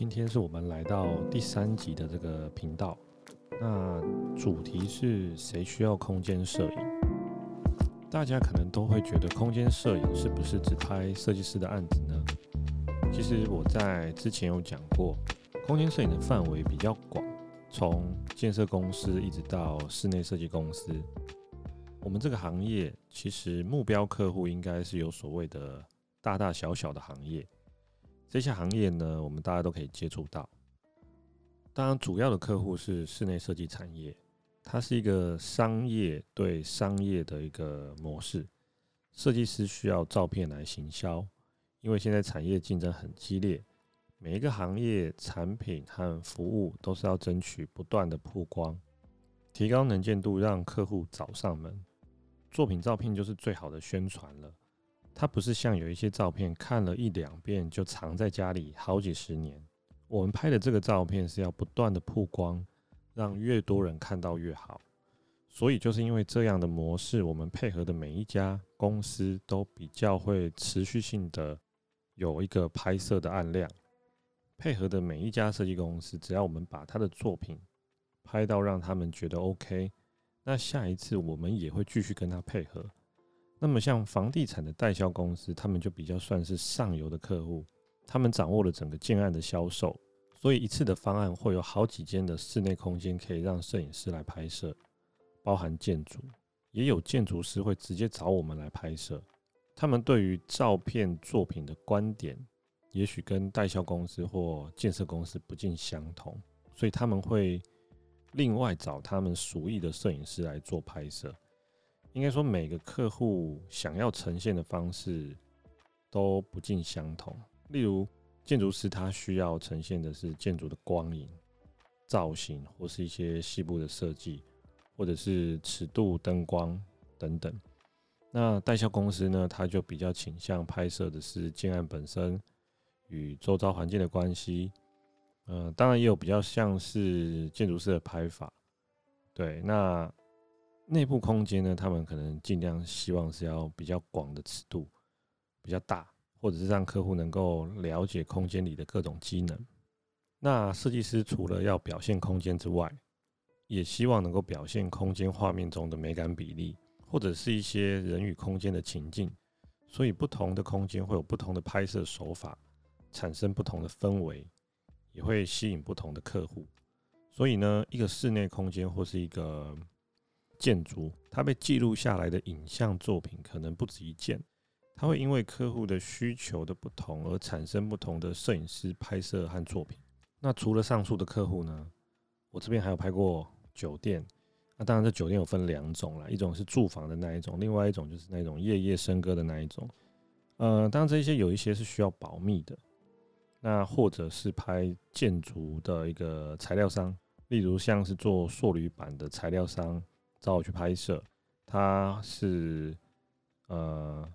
今天是我們來到第三集的這個頻道，那主題是誰需要空間攝影？大家可能都會覺得空間攝影是不是只拍設計師的案子呢？其實我在之前有講過，空間攝影的範圍比較廣，從建設公司一直到室內設計公司，我們這個行業其實目標客戶應該是有所謂的大大小小的行業。這些行業呢，我們大家都可以接觸到。當然，主要的客戶是室內設計產業，它是一個商業對商業的一個模式。設計師需要照片來行銷，因為現在產業競爭很激烈，每一個行業產品和服務都是要爭取不斷的曝光，提高能見度，讓客戶找上門。作品照片就是最好的宣傳了。它不是像有一些照片看了一兩遍，就藏在家裡好幾十年。我們拍的這個照片是要不斷的曝光，讓越多人看到越好。所以就是因為這樣的模式，我們配合的每一家公司都比較會持續性的有一個拍攝的案量。配合的每一家設計公司，只要我們把他的作品拍到讓他們覺得 OK，那下一次我們也會繼續跟他配合。那麼，像房地產的代銷公司，他們就比較算是上游的客戶，他們掌握了整個建案的銷售，所以一次的方案會有好幾間的室內空間可以讓攝影師來拍攝，包含建築，也有建築師會直接找我們來拍攝，他們對於照片作品的觀點，也許跟代銷公司或建設公司不盡相同，所以他們會另外找他們熟悉的攝影師來做拍攝。應該說，每個客戶想要呈現的方式都不盡相同。例如，建築師他需要呈現的是建築的光影、造型，或是一些細部的設計，或者是尺度、燈光等等。那代銷公司呢，他就比較傾向拍攝的是建案本身與周遭環境的關係。嗯，當然也有比較像是建築師的拍法。對，那。內部空間呢，他們可能盡量希望是要比較廣的尺度，比較大，或者是讓客戶能夠了解空間裡的各種機能。那設計師除了要表現空間之外，也希望能夠表現空間畫面中的美感比例，或者是一些人與空間的情境。所以不同的空間會有不同的拍攝手法，產生不同的氛圍，也會吸引不同的客戶。所以呢，一個室內空間或是一個。建築，它被記錄下來的影像作品可能不止一件，它會因為客戶的需求的不同而產生不同的攝影師拍攝和作品。那除了上述的客戶呢，我這邊還有拍過酒店，那、啊、當然這酒店有分兩種啦，一種是住房的那一種，另外一種就是那種夜夜笙歌的那一種。呃，當然這些有一些是需要保密的，那或者是拍建築的一個材料商，例如像是做塑鋁板的材料商。找我去拍攝，他是呃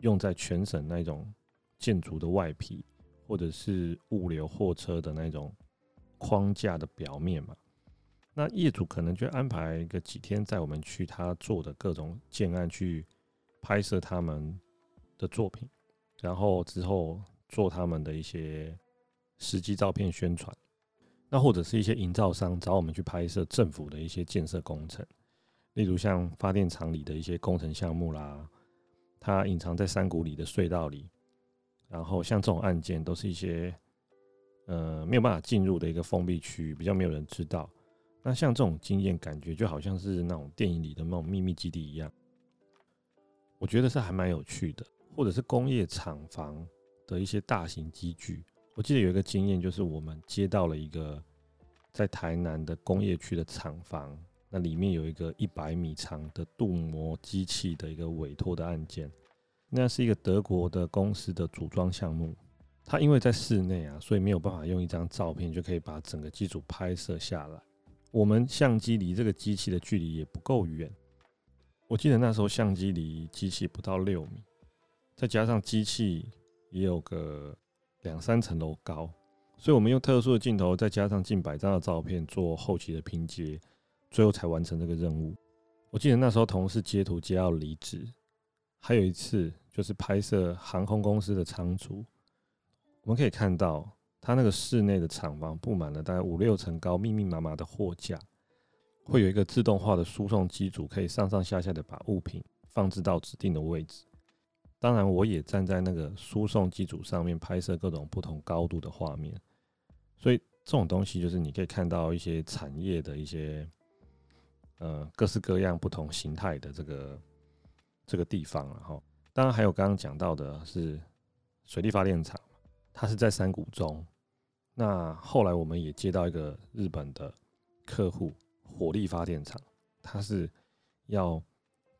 用在全省那種建築的外皮，或者是物流貨車的那種框架的表面嘛。那業主可能就安排個幾天帶我們去他做的各種建案去拍攝他們的作品，然後之後做他們的一些實際照片宣傳。那或者是一些營造商找我們去拍攝政府的一些建設工程。例如像發電廠裡的一些工程項目啦，它隱藏在山谷裡的隧道裡，然後像這種案件都是一些呃沒有辦法進入的一個封閉區域，比較沒有人知道。那像這種經驗感覺就好像是那種電影裡的那種秘密基地一樣，我覺得是還蠻有趣的。或者是工業廠房的一些大型機具，我記得有一個經驗就是我們接到了一個在台南的工業區的廠房。那裡面有一個一百米長的鍍膜機器的一個委託的案件，那是一個德國的公司的組裝項目。它因為在室內啊，所以沒有辦法用一張照片就可以把整個機組拍攝下來。我們相機離這個機器的距離也不夠遠，我記得那時候相機離機器不到六米，再加上機器也有個兩三層樓高，所以我們用特殊的鏡頭，再加上近百張的照片做後期的拼接。最後才完成這個任務。我記得那時候同事接圖接到離職，還有一次就是拍攝航空公司的倉儲，我們可以看到它那個室內的廠房布滿了大概五六層高、密密麻麻的貨架，會有一個自動化的輸送機組，可以上上下下的把物品放置到指定的位置。當然，我也站在那個輸送機組上面拍攝各種不同高度的畫面。所以這種東西就是你可以看到一些產業的一些。呃，各式各樣不同形態的這個這個地方啊，然後當然還有剛剛講到的是水力發電廠，它是在山谷中。那後來我們也接到一個日本的客戶，火力發電廠，它是要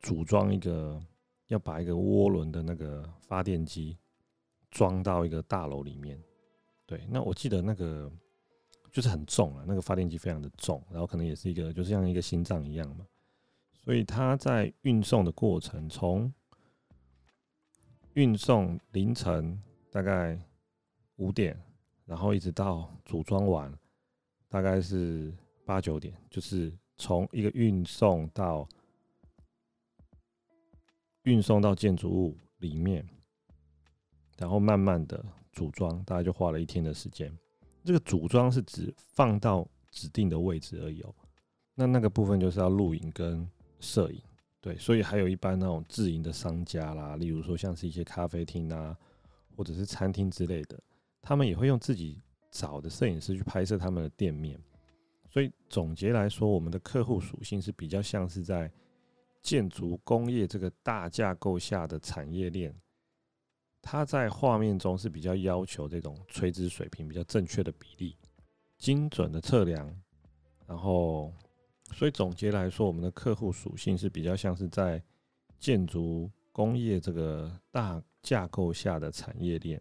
組裝一個要把一個渦輪的那個發電機裝到一個大樓裡面。對，那我記得那個。就是很重啊，那個發電機非常的重，然後可能也是一個，就是像一個心臟一樣嘛，所以他在運送的過程，從運送凌晨大概五點，然後一直到組裝完，大概是八九點，就是從一個運送到運送到建築物裡面，然後慢慢的組裝，大概就花了一天的時間。這個組裝是指放到指定的位置而已哦，那那個部分就是要錄影跟攝影，對，所以還有一般那種自營的商家啦，例如說像是一些咖啡廳啊，或者是餐廳之類的，他們也會用自己找的攝影師去拍攝他們的店面。所以總結來說，我們的客戶屬性是比較像是在建築工業這個大架構下的產業鏈。他在畫面中是比較要求這種垂直水平比較正確的比例，精準的測量，然後，所以總結來說，我們的客戶屬性是比較像是在建築工業這個大架構下的產業鏈。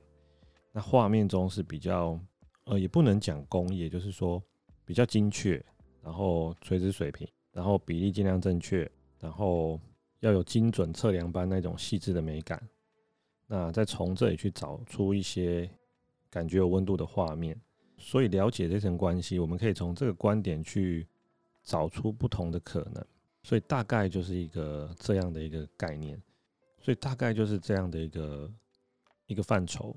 那畫面中是比較呃，也不能講工業，就是說比較精確，然後垂直水平，然後比例儘量正確，然後要有精準測量般那種細緻的美感。那再從這裡去找出一些感覺有溫度的畫面，所以了解這層關係，我們可以從這個觀點去找出不同的可能。所以大概就是一個這樣的一個概念，所以大概就是這樣的一個一個範疇。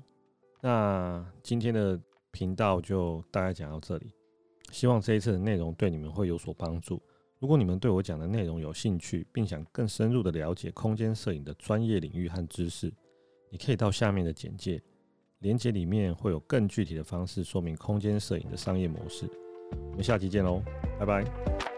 那今天的頻道就大概講到這裡，希望這一次的內容對你們會有所幫助。如果你們對我講的內容有興趣，並想更深入的了解空間攝影的專業領域和知識。你可以到下面的簡介鏈接裡面，會有更具體的方式說明空間攝影的商業模式。我們下期見嘍，拜拜。